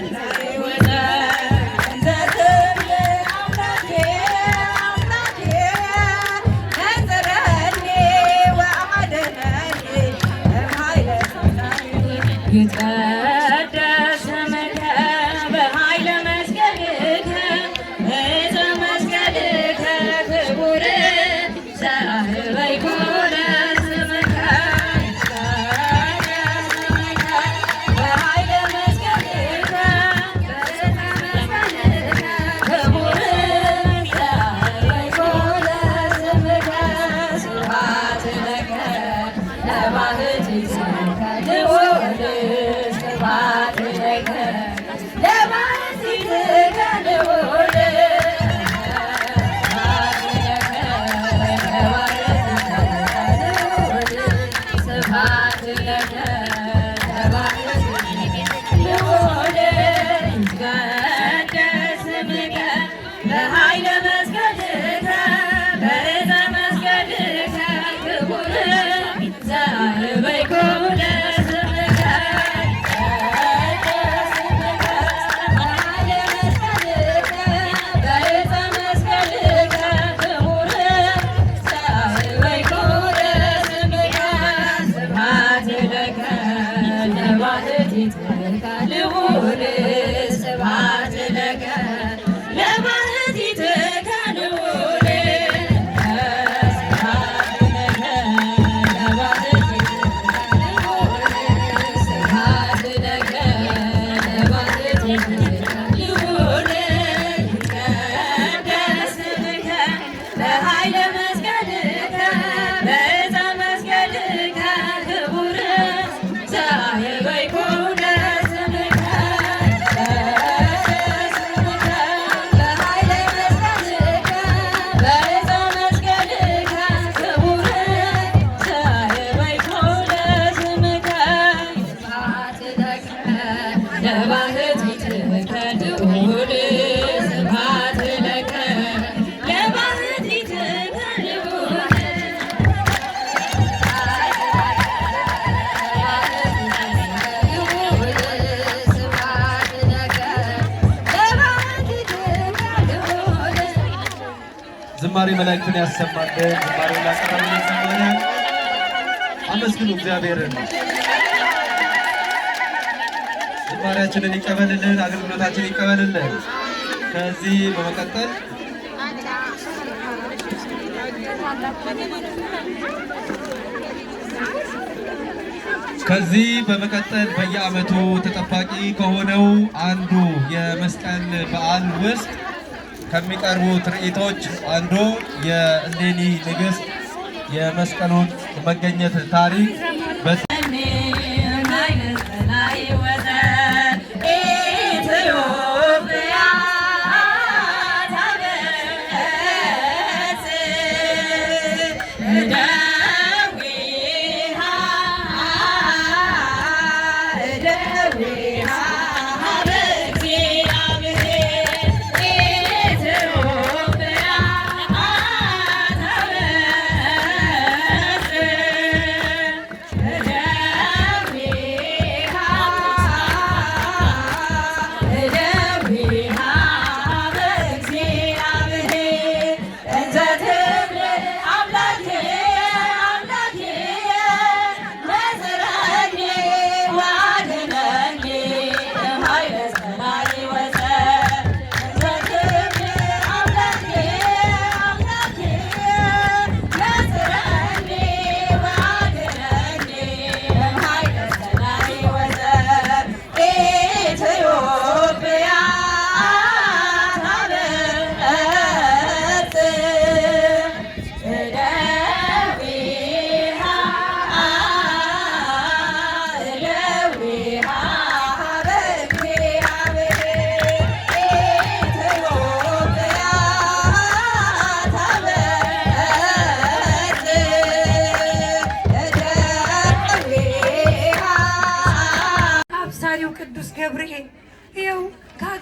Yeah. መላእክትን ያሰማልን። ዝማሬ ላቀረብ ይሰማኛል። አመስግኑ እግዚአብሔርን። ዝማሬያችንን ይቀበልልን፣ አገልግሎታችን ይቀበልልን። ከዚህ በመቀጠል ከዚህ በመቀጠል በየዓመቱ ተጠባቂ ከሆነው አንዱ የመስቀል በዓል ውስጥ ከሚቀርቡ ትርኢቶች አንዱ የእሌኒ ንግስት የመስቀሉን መገኘት ታሪክ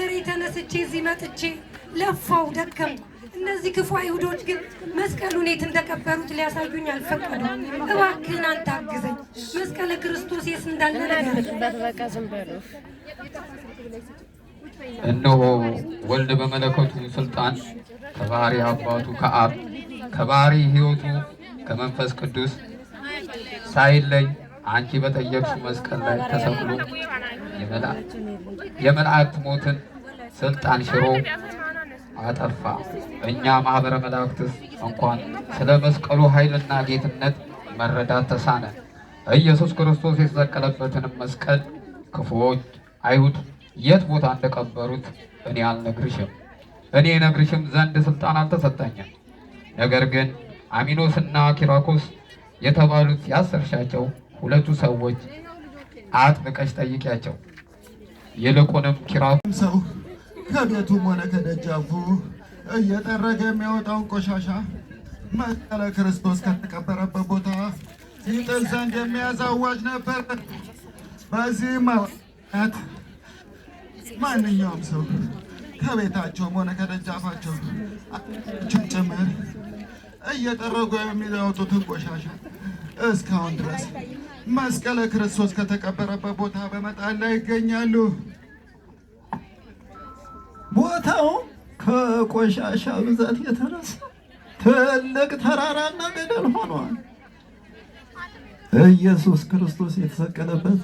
ከሀገሬ ተነስቼ እዚህ መጥቼ ለፋው ደከም። እነዚህ ክፉ አይሁዶች ግን መስቀሉን የት እንደቀበሩት ሊያሳዩኝ አልፈቀዱ። እባክህን አንተ አግዘኝ። መስቀለ ክርስቶስ የት እንዳለ እነሆ ወልድ በመለኮቱ ስልጣን ከባህሪ አባቱ ከአብ ከባህሪ ሕይወቱ ከመንፈስ ቅዱስ ሳይለይ አንቺ በጠየቅሽው መስቀል ላይ ተሰቅሎ የመላእክት ሞትን ስልጣን ሽሮ አጠፋ። እኛ ማኅበረ መላእክትስ እንኳን ስለ መስቀሉ ኃይልና ጌትነት መረዳት ተሳነ። ኢየሱስ ክርስቶስ የተሰቀለበትንም መስቀል ክፉዎች አይሁድ የት ቦታ እንደቀበሩት እኔ አልነግርሽም እኔ ነግርሽም ዘንድ ስልጣን አልተሰጠኝም። ነገር ግን አሚኖስና ኪራኮስ የተባሉት ያሰርሻቸው ሁለቱ ሰዎች አጥብቀሽ ጠይቂያቸው። ይልቁንም ኪራኮስ ከቤቱም ሆነ ከደጃፉ እየጠረገ የሚያወጣውን ቆሻሻ መስቀለ ክርስቶስ ከተቀበረበት ቦታ ይጥል ዘንድ የሚያዝ አዋጅ ነበር። በዚህ ማት ማንኛውም ሰው ከቤታቸውም ሆነ ከደጃፋቸው ጭምር እየጠረጉ የሚያወጡትን ቆሻሻ እስካሁን ድረስ መስቀለ ክርስቶስ ከተቀበረበት ቦታ በመጣል ላይ ይገኛሉ። ቦታው ከቆሻሻ ብዛት የተነሳ ትልቅ ተራራና ገደል ሆኗል። ኢየሱስ ክርስቶስ የተሰቀለበት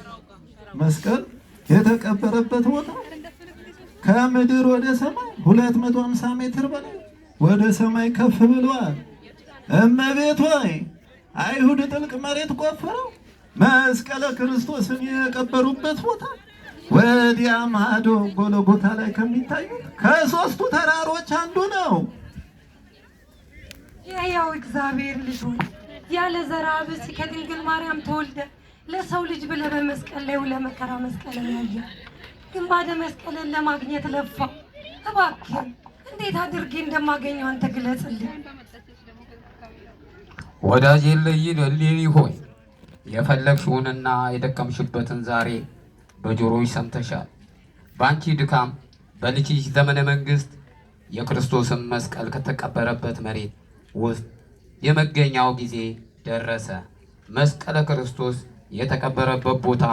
መስቀል የተቀበረበት ቦታ ከምድር ወደ ሰማይ 250 ሜትር በላይ ወደ ሰማይ ከፍ ብሏል። እመቤት ሆይ አይሁድ ጥልቅ መሬት ቆፍረው መስቀለ ክርስቶስን የቀበሩበት ቦታ ወዲያ ማዶ ጎለጎታ ላይ ከሚታዩት ከሶስቱ ተራሮች አንዱ ነው። የሕያው እግዚአብሔር ልጅ ያለ ዘርአ ብእሲ ከድንግል ማርያም ተወልደ ለሰው ልጅ ብለህ በመስቀል ላይ ለመከራ መስቀልን ያየ ግንባደ መስቀልን ለማግኘት ለፋ። እባክህን እንዴት አድርጌ እንደማገኘው አንተ ግለጽልኝ። ወዳጄ ልይ ሆይ የፈለግሽውንና የደከምሽበትን ዛሬ በጆሮች ሰምተሻል። በአንቺ ድካም፣ በልጅሽ ዘመነ መንግስት የክርስቶስን መስቀል ከተቀበረበት መሬት ውስጥ የመገኛው ጊዜ ደረሰ። መስቀለ ክርስቶስ የተቀበረበት ቦታ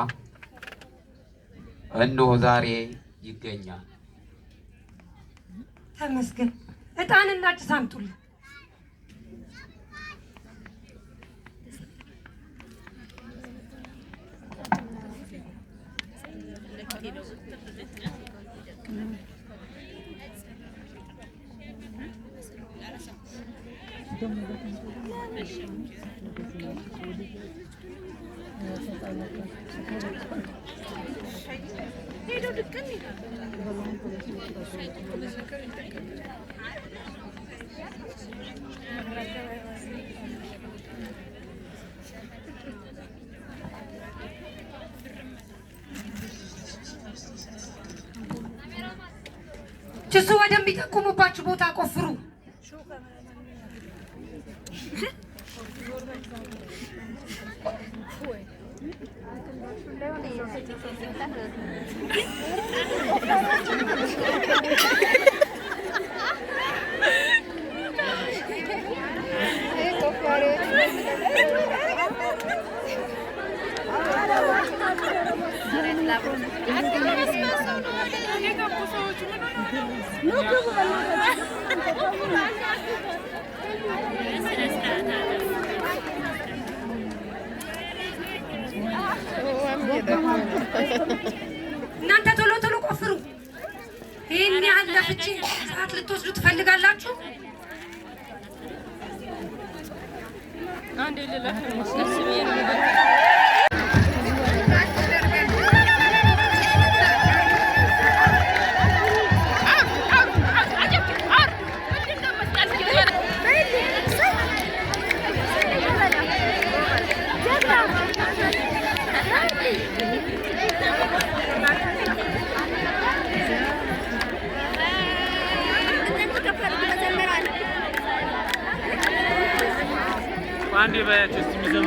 እነሆ ዛሬ ይገኛል። ተመስገን። ዕጣንና ጭስ አምጡልን። Gracias. ጭሱ ወደሚጠቁሙባችሁ ቦታ ቆፍሩ። እናንተ ቶሎ ቶሎ ቆፍሩ። ይህን ያህል ለፍቼ ሰዓት ልትወስዱ ትፈልጋላችሁ? አንድ አንድ የባያቸው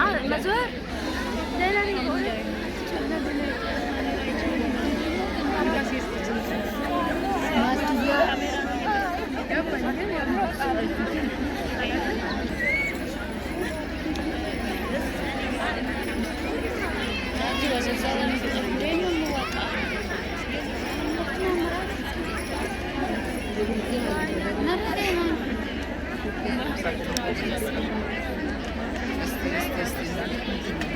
Ah, ma soeur, lei la rigore. Thank you. Thank you.